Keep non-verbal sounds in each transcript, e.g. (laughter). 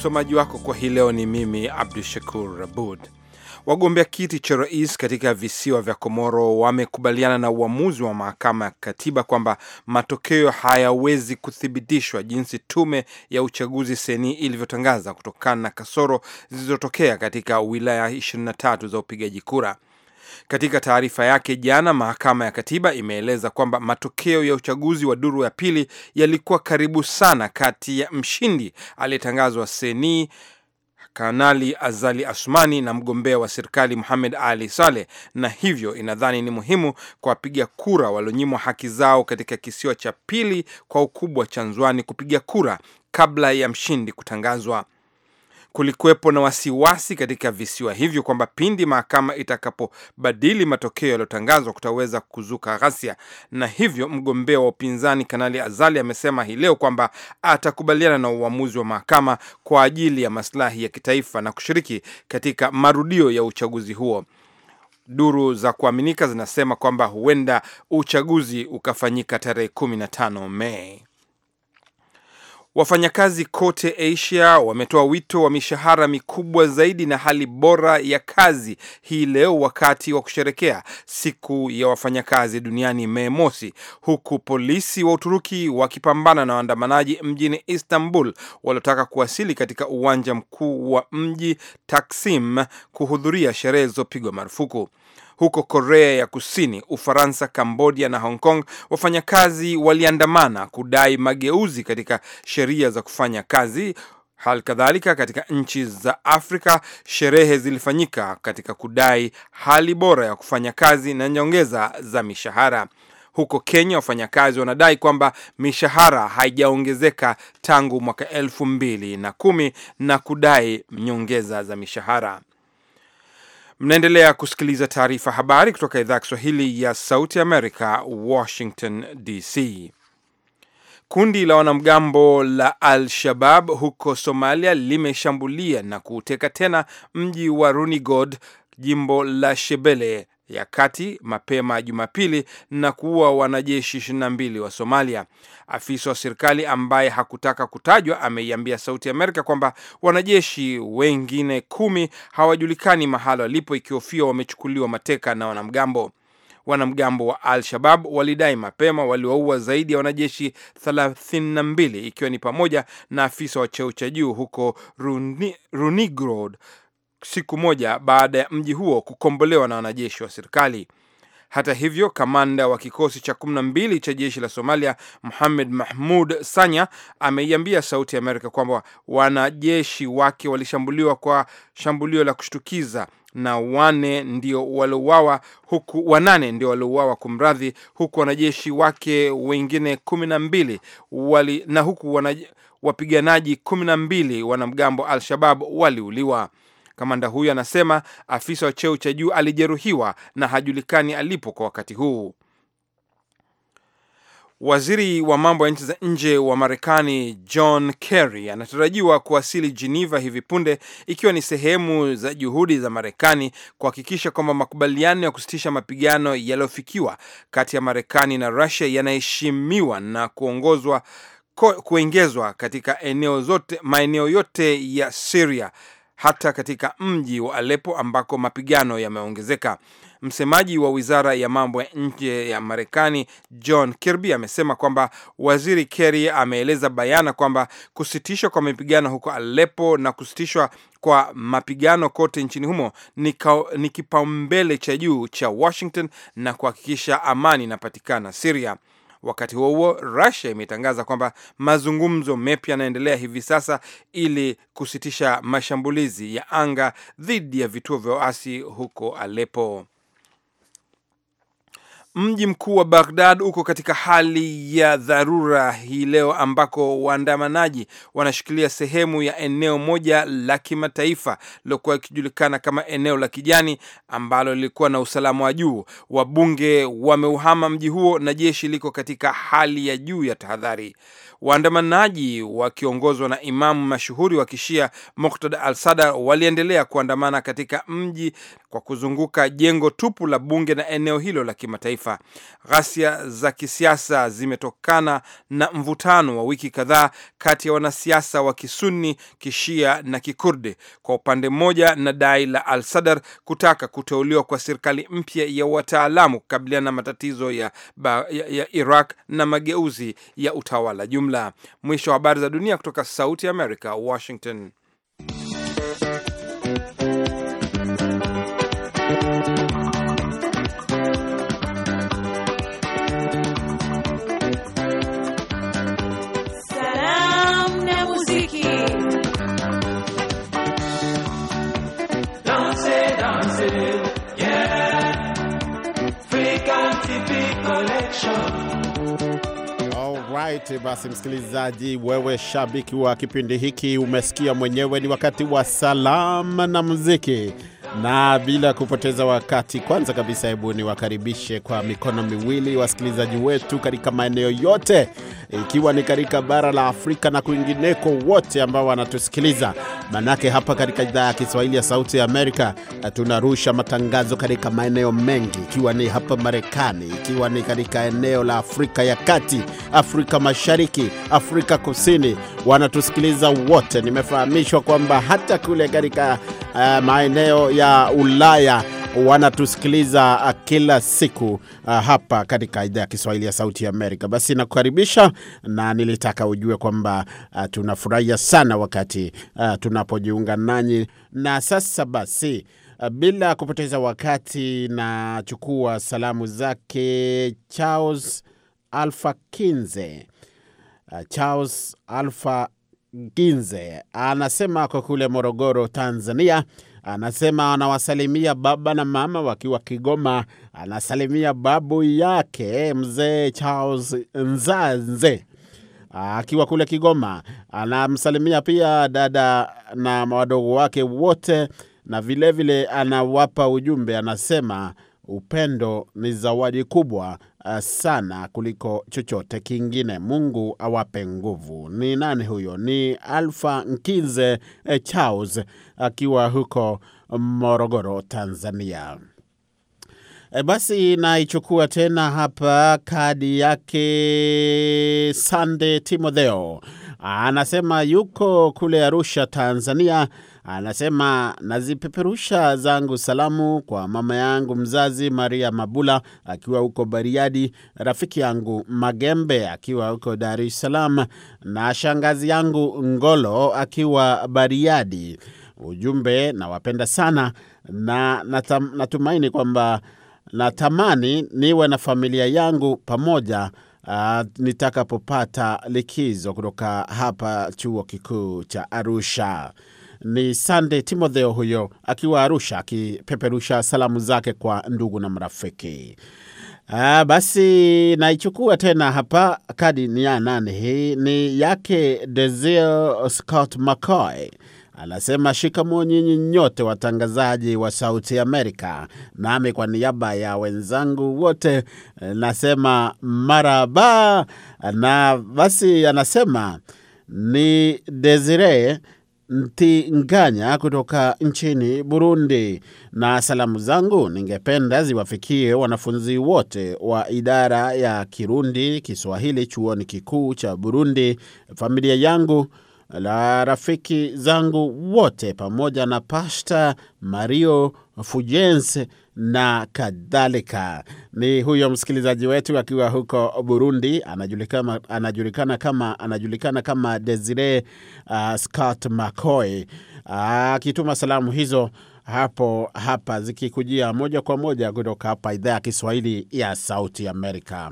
Msomaji wako kwa hii leo ni mimi Abdu Shakur Abud. Wagombea kiti cha rais katika visiwa vya Komoro wamekubaliana na uamuzi wa mahakama ya katiba kwamba matokeo hayawezi kuthibitishwa jinsi tume ya uchaguzi seni ilivyotangaza kutokana na kasoro zilizotokea katika wilaya 23 za upigaji kura. Katika taarifa yake jana, mahakama ya katiba imeeleza kwamba matokeo ya uchaguzi wa duru ya pili yalikuwa karibu sana kati ya mshindi aliyetangazwa Seni Kanali Azali asmani na mgombea wa serikali Muhamed Ali Saleh, na hivyo inadhani ni muhimu kwa wapiga kura walionyimwa haki zao katika kisiwa cha pili kwa ukubwa cha Nzwani kupiga kura kabla ya mshindi kutangazwa. Kulikuwepo na wasiwasi katika visiwa hivyo kwamba pindi mahakama itakapobadili matokeo yaliyotangazwa kutaweza kuzuka ghasia, na hivyo mgombea wa upinzani Kanali Azali amesema hii leo kwamba atakubaliana na uamuzi wa mahakama kwa ajili ya masilahi ya kitaifa na kushiriki katika marudio ya uchaguzi huo. Duru za kuaminika zinasema kwamba huenda uchaguzi ukafanyika tarehe 15 Mei. Wafanyakazi kote Asia wametoa wito wa mishahara mikubwa zaidi na hali bora ya kazi hii leo wakati wa kusherekea siku ya wafanyakazi duniani Mei Mosi, huku polisi wa Uturuki wakipambana na waandamanaji mjini Istanbul waliotaka kuwasili katika uwanja mkuu wa mji Taksim kuhudhuria sherehe zilizopigwa marufuku. Huko Korea ya Kusini, Ufaransa, Kambodia na Hong Kong, wafanyakazi waliandamana kudai mageuzi katika sheria za kufanya kazi. Hali kadhalika katika nchi za Afrika sherehe zilifanyika katika kudai hali bora ya kufanya kazi na nyongeza za mishahara. Huko Kenya wafanyakazi wanadai kwamba mishahara haijaongezeka tangu mwaka elfu mbili na kumi na kudai nyongeza za mishahara. Mnaendelea kusikiliza taarifa habari kutoka idhaa ya Kiswahili ya Sauti Amerika, Washington DC. Kundi la wanamgambo la Al-Shabab huko Somalia limeshambulia na kuuteka tena mji wa Runigod, jimbo la Shebele ya kati mapema Jumapili na kuua wanajeshi 22 wa Somalia. Afisa wa serikali ambaye hakutaka kutajwa ameiambia Sauti ya Amerika kwamba wanajeshi wengine kumi hawajulikani mahala walipo, ikihofia wamechukuliwa mateka na wanamgambo. Wanamgambo wa Al-Shabab walidai mapema waliwaua zaidi ya wanajeshi 32 ikiwa ni pamoja na afisa wa cheo cha juu huko Runi, Runigrod siku moja baada ya mji huo kukombolewa na wanajeshi wa serikali. Hata hivyo, kamanda wa kikosi cha kumi na mbili cha jeshi la Somalia Muhamed Mahmud Sanya ameiambia Sauti ya Amerika kwamba wanajeshi wake walishambuliwa kwa shambulio la kushtukiza na wane ndio waliouawa huku wanane ndio waliouawa kumradhi, huku wanajeshi wake wengine kumi na mbili wali na huku wapiganaji kumi na mbili wanamgambo Al-Shabab waliuliwa. Kamanda huyo anasema afisa wa cheo cha juu alijeruhiwa na hajulikani alipo kwa wakati huu. Waziri wa mambo ya nchi za nje wa Marekani John Kerry anatarajiwa kuwasili Geneva hivi punde, ikiwa ni sehemu za juhudi za Marekani kuhakikisha kwamba makubaliano ya kusitisha mapigano yaliyofikiwa kati ya Marekani na Russia yanaheshimiwa na kuongozwa kuengezwa katika eneo zote, maeneo yote ya Syria hata katika mji wa Aleppo ambako mapigano yameongezeka. Msemaji wa wizara ya mambo ya nje ya Marekani John Kirby amesema kwamba waziri Kerry ameeleza bayana kwamba kusitishwa kwa mapigano huko Aleppo na kusitishwa kwa mapigano kote nchini humo ni, ni kipaumbele cha juu cha Washington na kuhakikisha amani inapatikana Syria. Wakati huo huo, Russia imetangaza kwamba mazungumzo mepya yanaendelea hivi sasa ili kusitisha mashambulizi ya anga dhidi ya vituo vya waasi huko Aleppo. Mji mkuu wa Baghdad uko katika hali ya dharura hii leo, ambako waandamanaji wanashikilia sehemu ya eneo moja la kimataifa lilokuwa ikijulikana kama eneo la kijani, ambalo lilikuwa na usalama wa juu. Wabunge wameuhama mji huo na jeshi liko katika hali ya juu ya tahadhari. Waandamanaji wakiongozwa na imamu mashuhuri wa kishia Muqtada al Sadar waliendelea kuandamana katika mji kwa kuzunguka jengo tupu la bunge na eneo hilo la kimataifa kimataifa. Ghasia za kisiasa zimetokana na mvutano wa wiki kadhaa kati ya wanasiasa wa Kisuni, Kishia na Kikurdi kwa upande mmoja na dai la Al Sadar kutaka kuteuliwa kwa serikali mpya ya wataalamu kukabiliana na matatizo ya, ba, ya, ya Iraq na mageuzi ya utawala jumla. Mwisho wa habari za dunia kutoka Sauti ya Washington. right, basi msikilizaji, wewe shabiki wa kipindi hiki, umesikia mwenyewe, ni wakati wa salamu na muziki na bila kupoteza wakati, kwanza kabisa, hebu niwakaribishe kwa mikono miwili wasikilizaji wetu katika maeneo yote, ikiwa ni katika bara la Afrika na kwingineko, wote ambao wanatusikiliza. Manake hapa katika idhaa ya Kiswahili ya Sauti ya Amerika tunarusha matangazo katika maeneo mengi, ikiwa ni hapa Marekani, ikiwa ni katika eneo la Afrika ya Kati, Afrika Mashariki, Afrika Kusini, wanatusikiliza wote. Nimefahamishwa kwamba hata kule katika uh, maeneo ya Ulaya wanatusikiliza uh, kila siku uh, hapa katika idhaa ya Kiswahili ya Sauti ya Amerika. Basi nakukaribisha, na nilitaka ujue kwamba uh, tunafurahia sana wakati tunapojiunga nanyi. Na sasa basi, bila kupoteza wakati, nachukua salamu zake Charles Alfa Kinze. Charles Alfa Ginze anasema kwa kule Morogoro, Tanzania Anasema anawasalimia baba na mama wakiwa Kigoma. Anasalimia babu yake mzee Charles Nzanze akiwa kule Kigoma. Anamsalimia pia dada na wadogo wake wote, na vilevile vile anawapa ujumbe, anasema upendo ni zawadi kubwa Eh, sana kuliko chochote kingine. Mungu awape nguvu. Ni nani huyo? Ni Alfa Nkize eh, Charles akiwa huko Morogoro, Tanzania. E, basi naichukua tena hapa kadi yake Sande Timotheo anasema yuko kule Arusha, Tanzania. Anasema nazipeperusha zangu salamu kwa mama yangu mzazi Maria Mabula akiwa huko Bariadi, rafiki yangu Magembe akiwa huko Dar es Salaam na shangazi yangu Ngolo akiwa Bariadi. Ujumbe, nawapenda sana na natam, natumaini kwamba natamani niwe na familia yangu pamoja uh, nitakapopata likizo kutoka hapa chuo kikuu cha Arusha. Ni Sande Timotheo huyo akiwa Arusha akipeperusha salamu zake kwa ndugu na marafiki. Ah, basi naichukua tena hapa kadi ni ya nani hii ni yake Desil Scott McCoy anasema shikamo nyinyi nyote watangazaji wa Sauti Amerika, nami kwa niaba ya wenzangu wote eh, nasema maraba. Na basi anasema ni Desire Ntinganya kutoka nchini Burundi, na salamu zangu ningependa ziwafikie wanafunzi wote wa idara ya Kirundi Kiswahili chuoni kikuu cha Burundi, familia yangu la rafiki zangu wote pamoja na Pasta Mario Fujens na kadhalika. Ni huyo msikilizaji wetu akiwa huko Burundi, anajulikana, anajulikana kama, anajulikana kama Desire uh, Scott McCoy uh, akituma uh, salamu hizo hapo hapa zikikujia moja kwa moja kutoka hapa idhaa ya Kiswahili ya Sauti Amerika.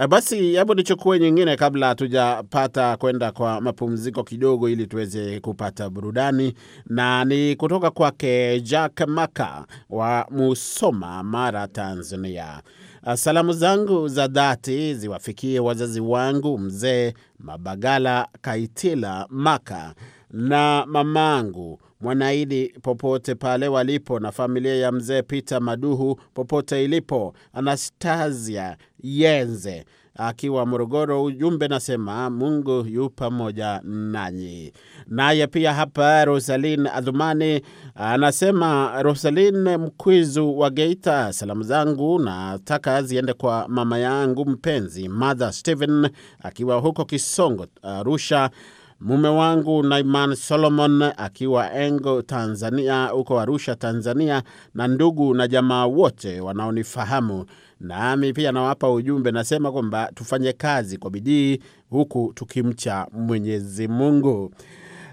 Eh, basi hebu nichukue nyingine kabla hatujapata kwenda kwa mapumziko kidogo, ili tuweze kupata burudani, na ni kutoka kwake Jack Maka wa Musoma, Mara, Tanzania. Ah, salamu zangu za dhati ziwafikie wazazi wangu mzee Mabagala Kaitila Maka na mamangu Mwanaidi popote pale walipo, na familia ya mzee Peter Maduhu popote ilipo, Anastasia Yenze akiwa Morogoro. Ujumbe nasema Mungu yu pamoja nanyi. Naye pia hapa Rosalin Adhumani anasema, Rosalin Mkwizu wa Geita, salamu zangu nataka ziende kwa mama yangu mpenzi Mother Steven akiwa huko Kisongo Arusha. Uh, mume wangu Naiman Solomon akiwa Engo, Tanzania, huko Arusha, Tanzania, na ndugu na jamaa wote wanaonifahamu. Nami pia nawapa ujumbe, nasema kwamba tufanye kazi kwa bidii huku tukimcha Mwenyezi Mungu.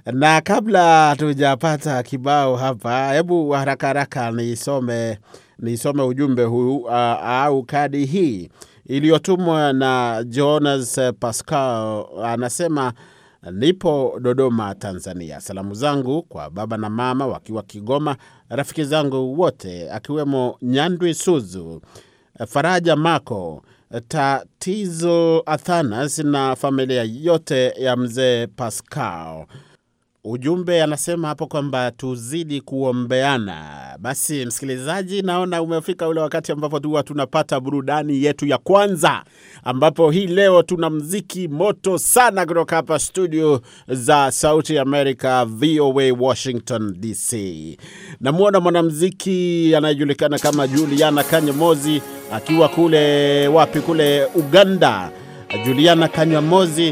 Na kabla tujapata kibao hapa, hebu haraka haraka nisome nisome ujumbe huu uh, au kadi hii iliyotumwa na Jonas Pascal, anasema uh, lipo Dodoma, Tanzania. Salamu zangu kwa baba na mama wakiwa Kigoma, rafiki zangu wote akiwemo Nyandwi Suzu, Faraja Mako, Tatizo Athanas na familia yote ya mzee Pascal. Ujumbe anasema hapo kwamba tuzidi kuombeana. Basi msikilizaji, naona umefika ule wakati ambapo huwa tunapata burudani yetu ya kwanza, ambapo hii leo tuna mziki moto sana kutoka hapa studio za Sauti America, VOA Washington DC. Namwona mwanamziki anayejulikana kama Juliana Kanyomozi akiwa kule wapi, kule Uganda. Juliana Kanyomozi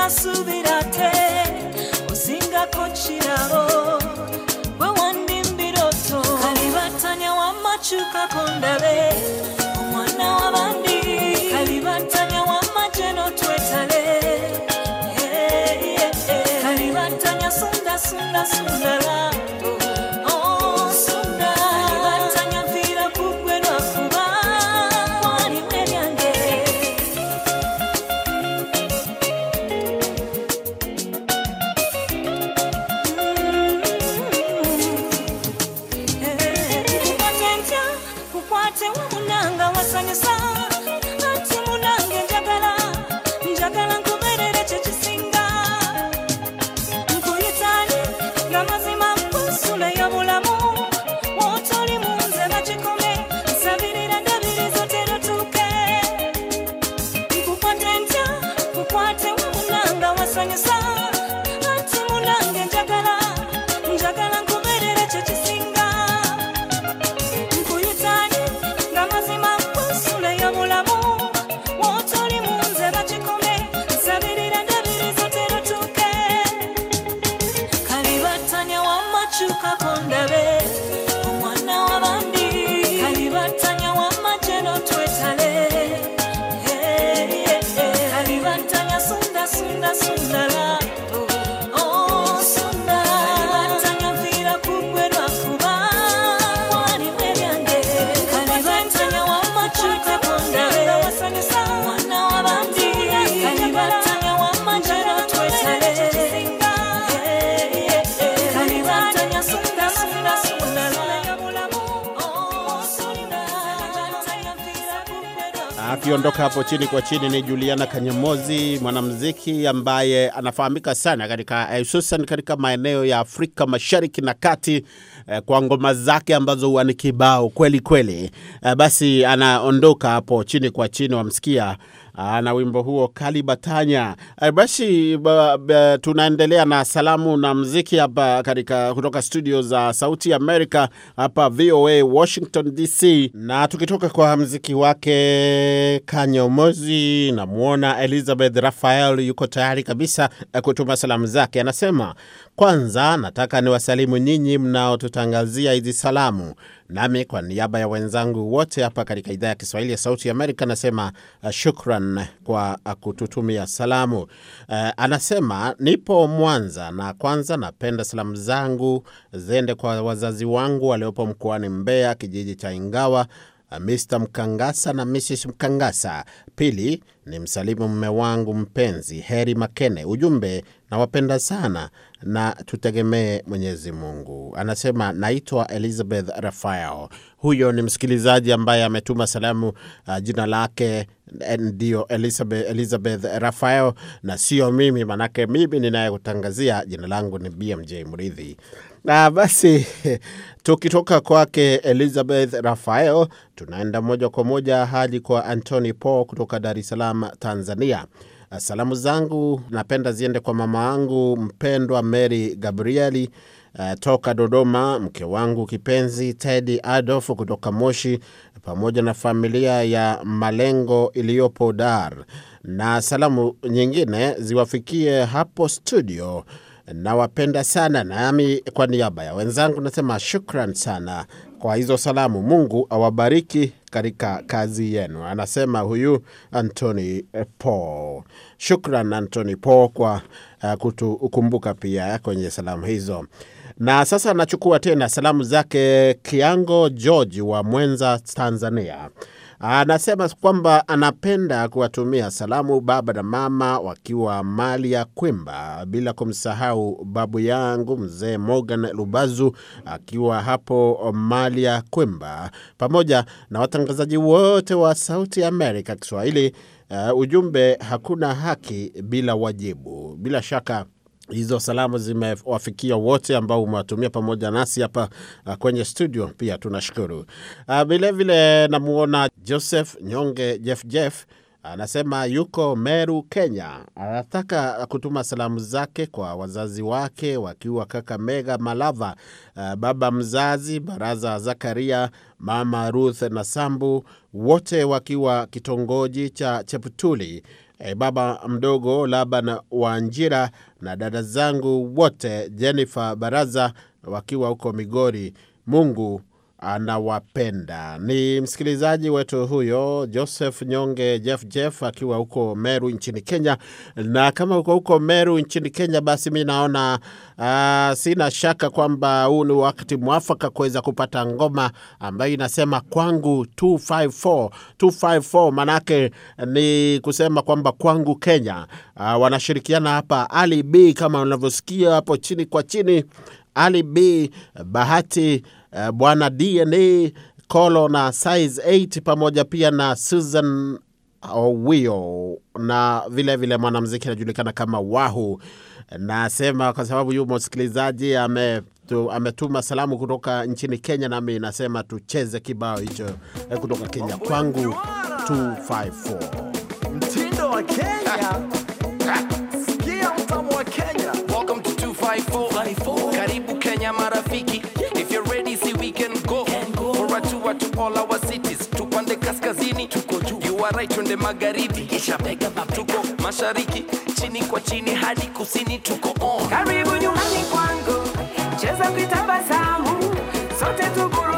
ngasubira te osingako kirabo gwe wandimbiroto kalibatanya wamacuka kondabe omwana wabandi kalibatanya wamajeno twetale kalibatanya sundasundasundala oh. tukiondoka hapo chini kwa chini ni Juliana Kanyomozi, mwanamziki ambaye anafahamika sana katika eh, hususan katika maeneo ya Afrika Mashariki na Kati eh, kwa ngoma zake ambazo huwa ni kibao kweli kweli. Eh, basi anaondoka hapo chini kwa chini, wamsikia Aa, na wimbo huo Kalibatanya. E, eh, basi ba, ba, tunaendelea na salamu na mziki hapa katika kutoka studio za Sauti Amerika hapa VOA Washington DC, na tukitoka kwa mziki wake Kanyomozi, namwona Elizabeth Rafael yuko tayari kabisa eh, kutuma salamu zake, anasema kwanza nataka niwasalimu nyinyi mnaotutangazia hizi salamu, nami kwa niaba ya wenzangu wote hapa katika idhaa ya Kiswahili ya Sauti ya Amerika anasema uh, shukran kwa uh, kututumia salamu. Uh, anasema nipo Mwanza, na kwanza napenda salamu zangu ziende kwa wazazi wangu waliopo mkoani Mbeya, kijiji cha Ingawa, Ah, Mr Mkangasa na Mrs Mkangasa. Pili ni msalimu mme wangu mpenzi Heri Makene. Ujumbe, nawapenda sana na tutegemee Mwenyezi Mungu. Anasema naitwa Elizabeth Rafael. Huyo ni msikilizaji ambaye ametuma salamu uh, jina lake eh, ndio Elizabeth, Elizabeth Rafael na sio mimi, manake mimi ninayekutangazia jina langu ni BMJ Mridhi. Na basi (laughs) tukitoka kwake Elizabeth Rafael tunaenda moja kwa moja hadi kwa Anthony Paul kutoka Dar es Salaam, Tanzania. Salamu zangu napenda ziende kwa mama yangu mpendwa Mary Gabrieli uh, eh, toka Dodoma, mke wangu kipenzi Teddy Adolf kutoka Moshi, pamoja na familia ya Malengo iliyopo Dar, na salamu nyingine ziwafikie hapo studio Nawapenda sana nami, na kwa niaba ya wenzangu nasema shukran sana kwa hizo salamu. Mungu awabariki katika kazi yenu, anasema huyu antony Paul. Shukran antony Paul kwa uh, kutukumbuka pia kwenye salamu hizo. Na sasa anachukua tena salamu zake Kiango George wa Mwenza, Tanzania. Anasema kwamba anapenda kuwatumia salamu baba na mama wakiwa mali ya Kwimba, bila kumsahau babu yangu mzee Morgan Lubazu akiwa hapo mali ya Kwimba, pamoja na watangazaji wote wa Sauti Amerika Kiswahili. Uh, ujumbe hakuna haki bila wajibu. Bila shaka Hizo salamu zimewafikia wote ambao umewatumia pamoja nasi hapa uh, kwenye studio, pia tunashukuru uh, vilevile. Namwona Joseph Nyonge Jeff Jeff anasema yuko Meru, Kenya. Anataka kutuma salamu zake kwa wazazi wake wakiwa kaka Mega Malava, uh, baba mzazi Baraza Zakaria, mama Ruth na Sambu, wote wakiwa kitongoji cha Cheptuli e, baba mdogo Laban Wanjira na dada zangu wote Jennifer Baraza wakiwa huko Migori. Mungu anawapenda. Ni msikilizaji wetu huyo Joseph Nyonge Jeff Jeff akiwa huko Meru nchini Kenya. Na kama uko huko Meru nchini Kenya, basi mi naona uh, sina shaka kwamba huu ni wakati mwafaka kuweza kupata ngoma ambayo inasema kwangu 254 254, manake ni kusema kwamba kwangu Kenya. Uh, wanashirikiana hapa Ali B kama unavyosikia hapo chini kwa chini, Ali B Bahati Eh, bwana DNA Kolo na Size 8 pamoja pia na Susan Owio na vilevile mwanamziki anajulikana kama Wahu. Nasema kwa sababu yu msikilizaji ametuma salamu kutoka nchini Kenya, nami nasema tucheze kibao hicho eh, kutoka Kenya kwangu 254 mtindo wa Kenya kutoka right twende magharibi, kisha tuko mashariki, chini kwa chini hadi kusini, tuko on. Karibu nyumbani kwangu, cheza kitabasamu, sote tuko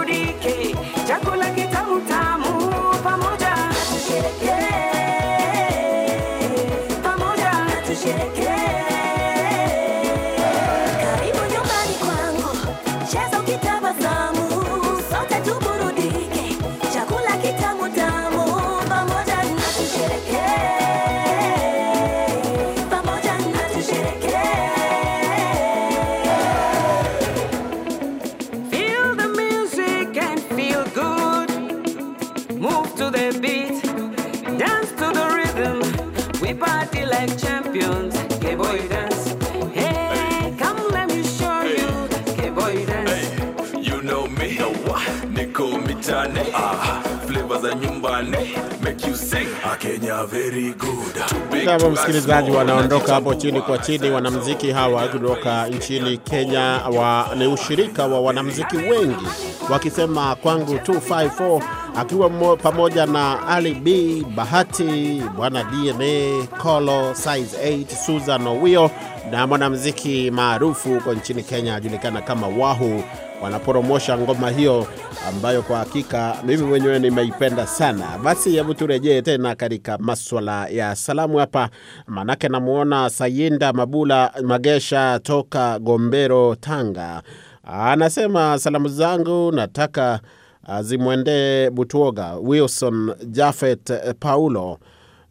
Kama msikilizaji, wanaondoka hapo chini kwa chini. Wanamziki hawa kutoka nchini Kenya wa, ni ushirika wa wanamziki wengi wakisema kwangu 254 akiwa pamoja na Ali B, Bahati, Bwana DNA, colo Size 8, Susan Owio na mwanamziki maarufu huko nchini Kenya ajulikana kama Wahu wanaporomosha ngoma hiyo ambayo kwa hakika mimi mwenyewe nimeipenda sana. Basi hebu turejee tena katika maswala ya salamu hapa, manake namwona Sayinda Mabula Magesha toka Gombero, Tanga, anasema salamu zangu nataka ah, zimwendee Butuoga Wilson, Jafet eh, Paulo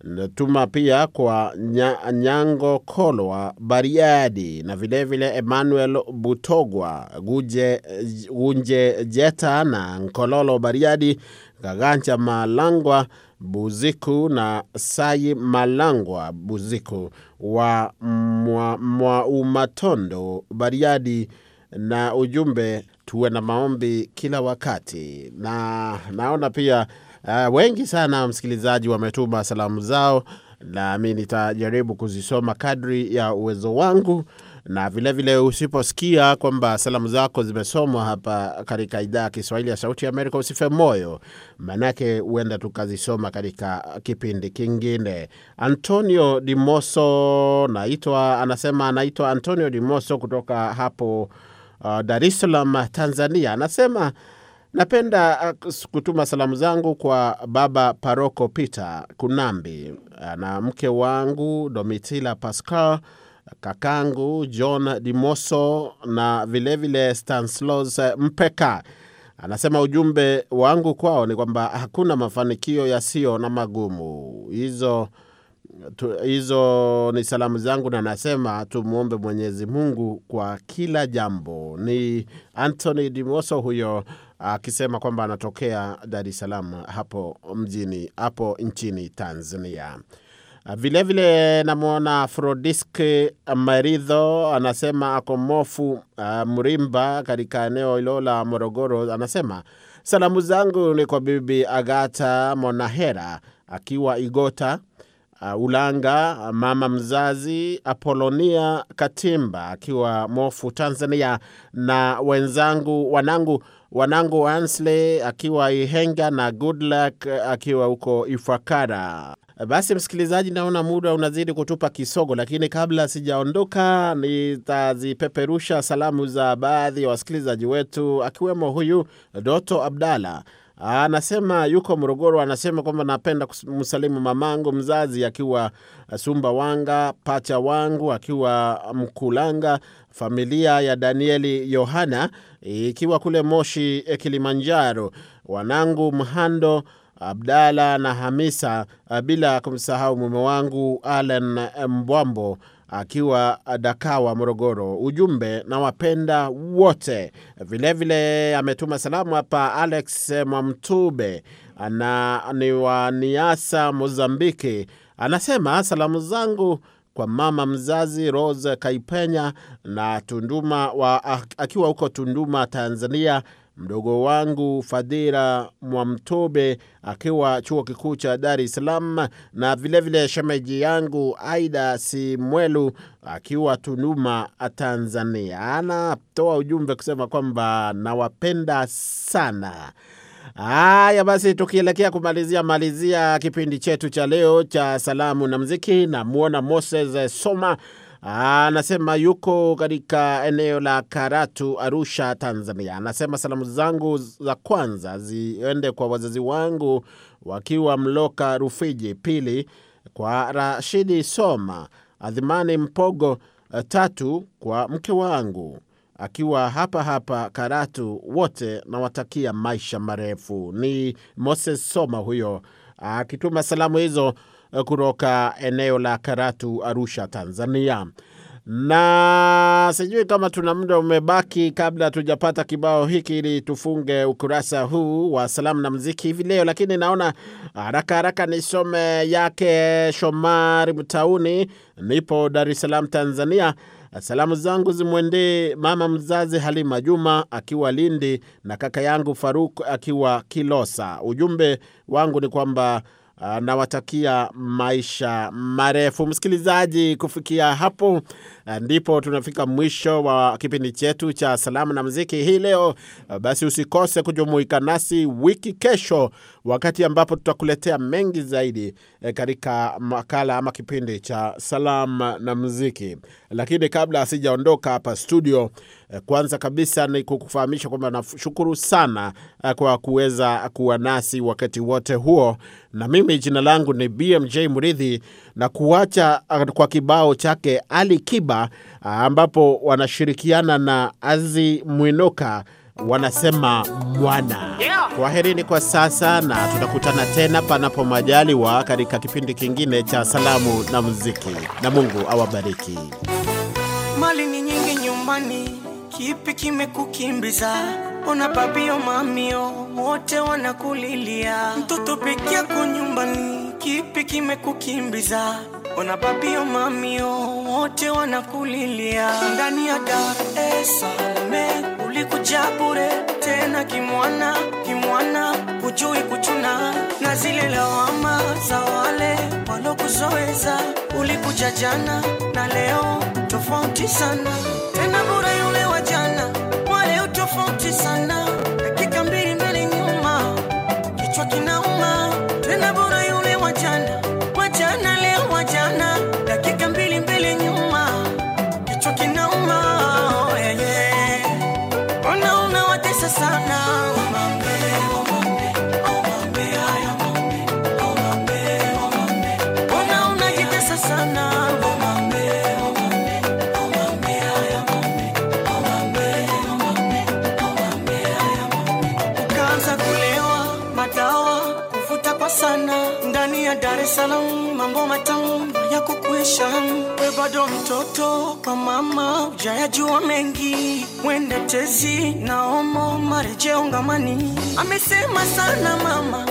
natuma pia kwa Nyango Kolwa Bariadi na vilevile vile Emmanuel Butogwa Guje, Gunje Jeta na Nkololo Bariadi, Gagancha Malangwa Buziku na Sai Malangwa Buziku wa mwaumatondo mwa Bariadi na ujumbe tuwe na maombi kila wakati, na naona pia Uh, wengi sana msikilizaji wametuma salamu zao, nami nitajaribu kuzisoma kadri ya uwezo wangu na vilevile vile usiposikia kwamba salamu zako zimesomwa hapa katika idhaa ya Kiswahili ya Sauti ya Amerika, usife moyo, maanake huenda tukazisoma katika kipindi kingine. Antonio Dimoso naitwa, anasema anaitwa Antonio Dimoso kutoka hapo uh, Dar es Salaam, Tanzania. Anasema Napenda uh, kutuma salamu zangu kwa baba paroko Peter Kunambi uh, na mke wangu Domitila Pascal, kakangu John Dimoso na vilevile Stanislaus Mpeka. Anasema ujumbe wangu kwao ni kwamba hakuna mafanikio yasiyo na magumu. Hizo tu, hizo ni salamu zangu, na nasema tumwombe Mwenyezi Mungu kwa kila jambo. Ni Anthony Dimoso huyo akisema kwamba anatokea Dar es Salaam hapo mjini hapo nchini Tanzania. Vilevile namwona Frodiski Maridho anasema ako Mofu uh, ah, Mrimba katika eneo hilo la Morogoro. Anasema salamu zangu ni kwa bibi Agata Monahera akiwa Igota uh, Ulanga, mama mzazi Apolonia Katimba akiwa Mofu Tanzania, na wenzangu wanangu wanangu Ansley akiwa Ihenga na Goodluck akiwa huko Ifakara. Basi msikilizaji, naona muda unazidi kutupa kisogo, lakini kabla sijaondoka, nitazipeperusha salamu za baadhi ya wasikilizaji wetu, akiwemo huyu Doto Abdalla anasema yuko Morogoro, anasema kwamba napenda kumsalimu mamangu mzazi akiwa uh, Sumbawanga, pacha wangu akiwa uh, Mkulanga, familia ya Danieli Yohana ikiwa kule Moshi, eh, Kilimanjaro, wanangu Mhando Abdala na Hamisa, uh, bila kumsahau mume wangu Alan eh, Mbwambo akiwa Dakawa, Morogoro. Ujumbe na wapenda wote. Vilevile ametuma salamu hapa Alex Mwamtube na ni wa Niasa, Mozambiki. Anasema salamu zangu kwa mama mzazi Rose Kaipenya na Tunduma wa, akiwa huko Tunduma Tanzania mdogo wangu fadhira Mwamtobe akiwa chuo kikuu cha Dar es Salaam, na vilevile shemeji yangu Aida Simwelu akiwa Tunduma, Tanzania. Anatoa ujumbe kusema kwamba nawapenda sana. Haya basi, tukielekea kumalizia malizia kipindi chetu cha leo cha salamu na mziki, namwona Moses Soma anasema yuko katika eneo la Karatu, Arusha, Tanzania. Anasema salamu zangu za kwanza ziende kwa wazazi wangu wakiwa Mloka Rufiji, pili kwa Rashidi Soma Adhimani Mpogo, tatu kwa mke wangu akiwa hapa hapa Karatu. Wote nawatakia maisha marefu. Ni Moses Soma huyo akituma salamu hizo kutoka eneo la Karatu, Arusha, Tanzania. Na sijui kama tuna muda umebaki kabla tujapata kibao hiki ili tufunge ukurasa huu wa salamu na muziki hivi leo, lakini naona haraka haraka nisome yake Shomari Mtauni, nipo Dar es Salaam, Tanzania. Salamu zangu zimwendee mama mzazi Halima Juma akiwa Lindi na kaka yangu Faruk akiwa Kilosa. Ujumbe wangu ni kwamba Ah, nawatakia maisha marefu. Msikilizaji, kufikia hapo ah, ndipo tunafika mwisho wa kipindi chetu cha salamu na muziki hii leo. Ah, basi usikose kujumuika nasi wiki kesho wakati ambapo tutakuletea mengi zaidi eh, katika makala ama kipindi cha salam na muziki. Lakini kabla asijaondoka hapa studio, eh, kwanza kabisa ni kukufahamisha kwamba nashukuru sana eh, kwa kuweza kuwa nasi wakati wote huo, na mimi jina langu ni BMJ Mridhi na kuacha kwa kibao chake Ali Kiba ambapo wanashirikiana na Azi Mwinoka wanasema bwana, yeah. Kwaherini kwa sasa, na tutakutana tena panapo majaliwa katika kipindi kingine cha salamu na muziki, na Mungu awabariki. Mali ni nyingi nyumbani, kipi kimekukimbiza? Ona babio mamio wote wanakulilia, mtoto peke yako nyumbani, kipi kimekukimbiza? Ona babio mamio wote wanakulilia ndani ya Dar es Salaam Kuja bure tena kimwana kimwana, kujui kuchuna na zile lawama za wale walokuzoeza. Ulikuja jana na leo tofauti sana. sana ona kulewa madawa kuvuta kwa sana ndani ya Dar es Salaam mambo matamu ya kukwesha bado mtoto kwa mama, ujayajua mengi, wende tezi na omo amesema sana mama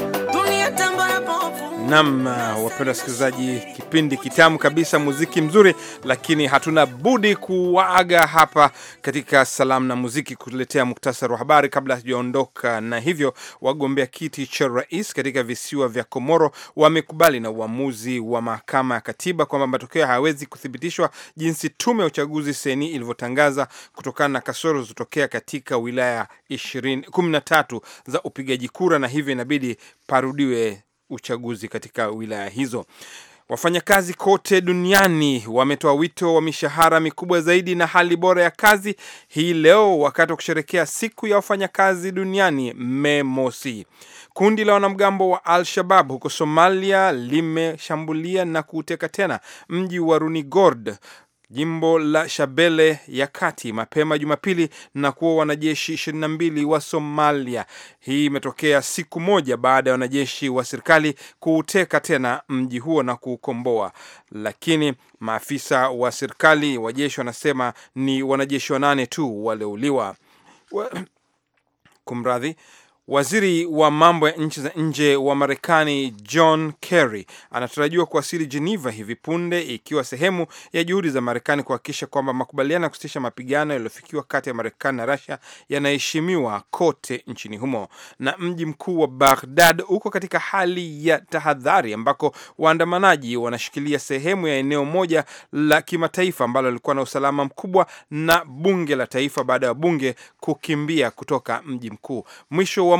Nam, uh, wapenda wasikilizaji, kipindi kitamu kabisa, muziki mzuri, lakini hatuna budi kuaga hapa katika salamu na muziki, kuletea muktasari wa habari kabla hatujaondoka. Na hivyo wagombea kiti cha rais katika visiwa vya Komoro wamekubali na uamuzi wa mahakama ya katiba kwamba matokeo hayawezi kuthibitishwa jinsi tume ya uchaguzi seni ilivyotangaza kutokana na kasoro zilizotokea katika wilaya 23 za upigaji kura, na hivyo inabidi parudiwe uchaguzi katika wilaya hizo. Wafanyakazi kote duniani wametoa wito wa mishahara mikubwa zaidi na hali bora ya kazi hii leo wakati wa kusherekea siku ya wafanyakazi duniani Mei Mosi. Kundi la wanamgambo wa Al-Shabab huko Somalia limeshambulia na kuuteka tena mji wa Runigord jimbo la Shabele ya kati mapema Jumapili na kuwa wanajeshi 22 wa Somalia. Hii imetokea siku moja baada ya wanajeshi wa serikali kuuteka tena mji huo na kuukomboa, lakini maafisa wa serikali wa jeshi wanasema ni wanajeshi wanane tu waliouliwa. (clears throat) Kumradhi. Waziri wa mambo ya nchi za nje wa Marekani John Kerry anatarajiwa kuwasili Geneva hivi punde ikiwa sehemu ya juhudi za Marekani kuhakikisha kwamba makubaliano ya kusitisha mapigano yaliyofikiwa kati ya Marekani na Russia yanaheshimiwa kote nchini humo. Na mji mkuu wa Baghdad uko katika hali ya tahadhari, ambako waandamanaji wanashikilia sehemu ya eneo moja la kimataifa ambalo lilikuwa na usalama mkubwa na bunge la taifa baada ya bunge kukimbia kutoka mji mkuu. Mwisho wa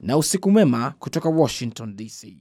na usiku mwema kutoka Washington DC.